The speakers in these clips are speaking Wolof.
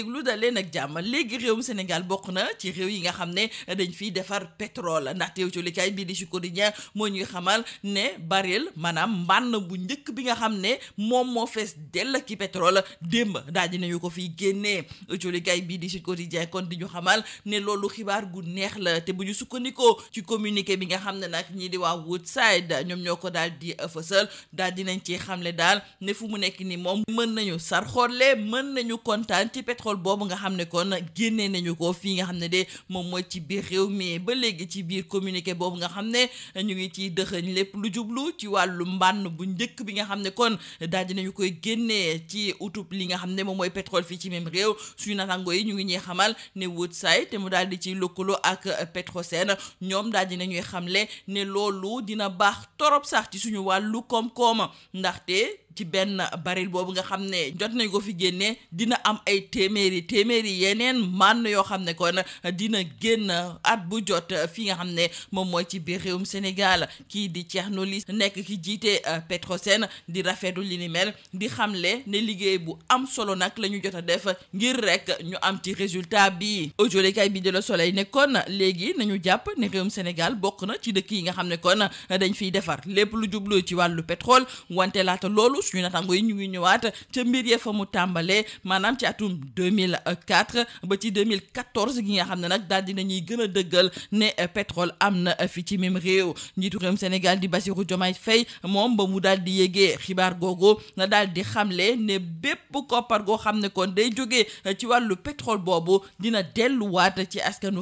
déglu da leen ak jàmm léegi réewum Sénégal bokk na ci réew yi nga xam ne dañ fiy defar pétrole ndaxte yow colikaay bii di si quotidien moo ñuy xamal ne baril maanaam mbànn bu njëkk bi nga xam ne moom moo fees dell ki pétrole démb daal nañu ko fiy génnee colikaay bii di si quotidien kon di ñu xamal ne loolu xibaar gu neex la te bu ñu sukkandikoo ci communiqué bi nga xam ne nag ñii di waa Woodside ñoom ñoo ko daal di fësal daal dinañ ci xamle daal ne fu mu nekk ni moom mën nañu sarxolle nañu kontaan ci pétrole pétrole boobu nga xam ne kon génnee nañu ko fii nga xam ne de moom mooy ci biir réew mi ba léegi ci biir communiqué boobu nga xam ne ñu ngi ci dëxëñ lépp lu jublu ci wàllu mbànn bu njëkk bi nga xam ne kon daal dinañu koy génnee ci utub li nga xam ne moom mooy pétrole fii ci même réew suñu natango yi ñu ngi ñuy xamal ne Woodside te mu daal di ciy lëkkaloo ak Petrosen ñoom daal dinañuy xamle ne loolu dina baax torop sax ci suñu wàllu koom-koom ndaxte ci benn baril boobu nga xam ne jot nañ ko fi génnee dina am ay téeméeri téeméeri yeneen mànn yoo xam ne kon dina génn at bu jot fi nga xam ne moom mooy ci biir réewum Sénégal kii di Thierno Ly nekk ki jiite euh, Petrosen di rafetlu li ni mel di xamle ne liggéey bu am solo nag la ñu jot a def ngir rek ñu am ci résultat bi aujolikay bi de Le Soleil ne kon léegi nañu jàpp ne réewum Sénégal bokk na ci dëkk yi nga xam ne kon dañ fiy defar lépp lu jublu ci wàllu pétrole wante laata loolu suñu natango yi ñu ngi ñëwaat ca mbir yee fa mu tàmbalee maanaam ci atum 2004 ba gi nga xam ne nag daal dinañuy gën a dëggal ne pétrole am na fi ci même réew njiitu réewum Sénégal di Bassirou Diomaye Faye moom ba mu daal di yégee xibaar googu na daal di xamle ne bépp koppar goo xam ne kon day jógee ci wàllu pétrole boobu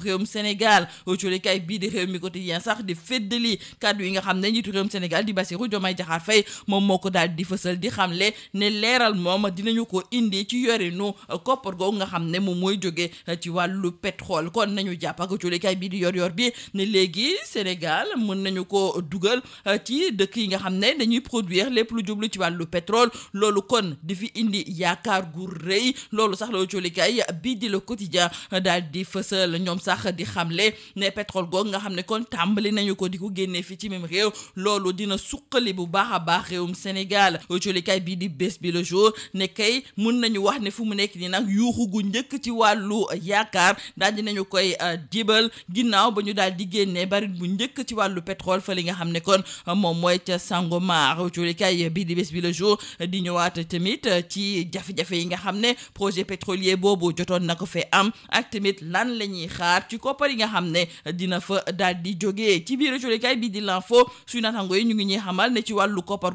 réewum Sénégal autolikaay bii di réew mi quotidien sax di féddali kàddu yi nga xam ne njiitu réewum Sénégal di Bassirou Diomaye Diakhar Faye moom moo ko daal di fësal Diagne di xamle ne leeral moom dinañu ko indi ci yorinu koppar googu nga xam ne moom mooy jóge ci wàllu pétrole kon nañu jàpp ak julikaay bi di yor yor bi ne léegi Sénégal mën nañu ko dugal euh, ci dëkk yi nga xam ne dañuy produire lépp lu jublu ci wàllu pétrole loolu kon di fi indi yaakaar gu rëy loolu sax la julikaay bi di le quotidien euh, daal di fësal ñoom sax di xamle ne pétrole googu nga xam ne kon tàmbali nañu ko di ko génnee fii ci mem réew loolu dina suqali bu baax a baax réewum Sénégal julikaay bii di bés bi le jour ne kay mun nañu wax ne fu mu nekk nii nag yuuxu gu njëkk ci wàllu yaakaar daal di nañu koy euh, jibal ginnaaw ba ñu daal di génnee baril bu njëkk ci wàllu pétrole fa li nga xam ne kon euh, moom mooy ca Sangomar julikaay bii di béss bi le jour di ñëwaat tamit euh, ci jafe-jafe yi nga xam ne projet pétrolier boobu jotoon na ko fee am ak tamit lan la ñuy xaar ci koppar yi nga xam ne dina fa daal di jógee ci biir julikaay bii di l'info suñu naataango yi ñu ngi ñuy xamal ne ci wàllu koppar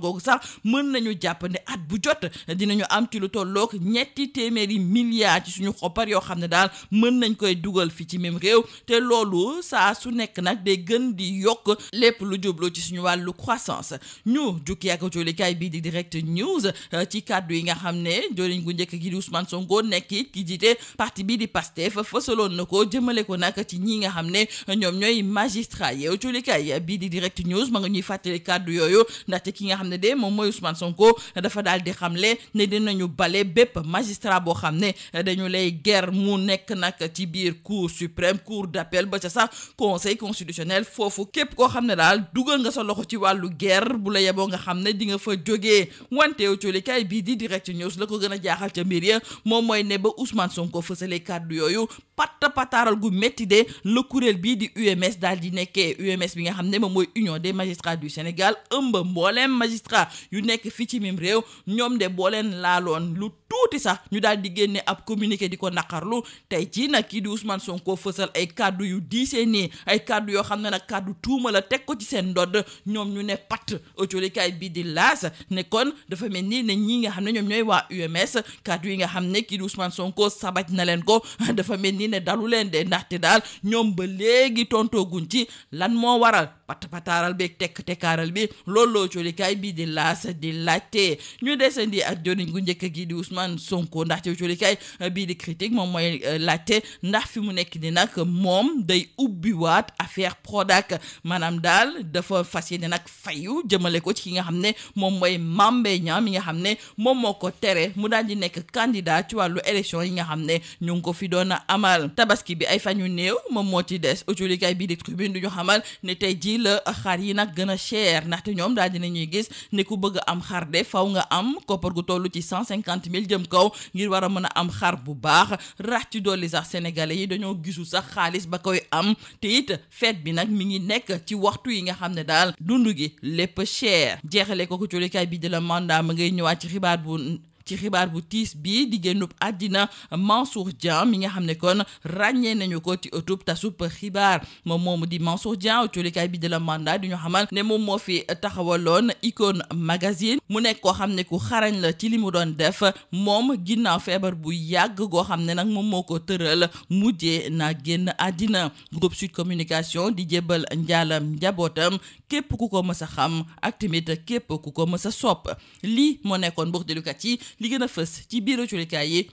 jàpp ne at bu jot dinañu am ci lu tolloog ñetti téeméeri milliards ci suñu xoppar yoo xam ne daal mën nañ koy dugal fi ci même réew te loolu saa su nekk nag day gën di yokk lépp lu jublu ci suñu wàllu croissance ñu jukki ak coolikaay bii di direct news euh, ci kàddu yi nga xam ne joriñ gu njëkk gi di Ousmane Sonko nekk it ki jiite parti bii di fa fësaloon na ko jëmale ko nag ci ñii nga xam ne ñoom ñooy magistrat yeew coolikaay bii di direct news ma nga ñuy fàttali kàddu yooyu ndaxte ki nga xam ne de moom mooy Ousmane Sonko Sonko dafa daal di xamle ne dinañu bale bépp magistrat boo xam ne dañu lay guerre mu nekk nag ci biir cour suprême cour d'appel ba ca sax conseil constitutionnel foofu képp koo xam ne daal dugal nga sa loxo ci wàllu guerre bu la yeboo nga xam ne di nga fa jóge wanteew colikay bii di direct news la ko gën a jaaxal ca mbir ya moom mooy ne ba Ousmane Sonko fësale kàddu yooyu patta pataaral gu métti de la kuréel bii di UMS daal di nekkee UMS bi nga xam ne moom mooy union des magistrats du Sénégal ëmb mboolem magistrat yu nekk fii ci ci mim réew ñoom de boo leen laaloon lu tuuti sax ñu daal di génne ab communiqué di ko naqarlu tey ci nag kii di Ousmane Sonko fësal ay kàddu yu diisee nii ay kàddu yoo xam ne nag kàddu tuuma la teg ko ci seen ndodd ñoom ñu ne pat autolikaay bi di laas ne kon dafa mel nii ne ñii nga xam ne ñoom ñooy waa UMS kàddu yi nga xam ne kii di Ousmane Sonko sabaj na leen ko dafa mel nii ne dalu leen de ndaxte daal ñoom ba léegi tontooguñ ci lan moo waral pat pataaral beeg tekk tekkaaral bi looloo coolikaay bii di laas di laajte ñu di ak joniñ gu njëkk gi di Ousmane Sonko ndax ci coolikaay bii di critique moom mooy euh, laajte ndax fi mu nekk ni nag moom day ubbiwaat affaire Prodac maanaam daal dafa fas yéene nag fayu jëmale ko ci ki nga xam ne moom mooy Mame Mbaye Niang mi nga xam ne moom moo ko tere mu daal di nekk candidat ci wàllu élection yi nga xam ne ñu ngi ko fi doon amal tabaski bi ay fan yu néew moom moo ci des coolikaay bii di tribune du ñu xamal ne tey jii yi la xar yi nag gën a cher ndaxte ñoom daal dina ñuy gis ne ku bëgg am xar de faw nga am koppar gu toll ci cent cinquante mille jëm kaw ngir war a mën a am xar bu baax rax ci dolli sax sénégalais yi dañoo gisu sax xaalis ba koy am te it fête bi nag mi ngi nekk ci waxtu yi nga xam ne daal dund gi lépp cher jeexale ko ko coolikaay bi di la mandat ma ngay ñëwaat ci xibaar bu ci xibaar bu tiis bii di génnub àddina Mansour Dieng mi nga xam ne kon ràññee nañu ko ci ëttub tasup xibaar moom moomu di Mansour Dieng colikaay bi dala la mandat di ñu xamal ne moom moo fi taxawaloon Icône magasin mu nekk koo xam ne ku xarañ la ci li mu doon def moom ginnaaw feebar bu yàgg goo xam ne nag moom moo ko tëral mujjee na génn àddina groupe Sud Communication di jébbal njaalam njabootam képp ku ko mës a xam ak tamit képp ku ko mës a sopp lii moo nekkoon mbokk déglukat yi li gën a fës ci biir cuurikaay yi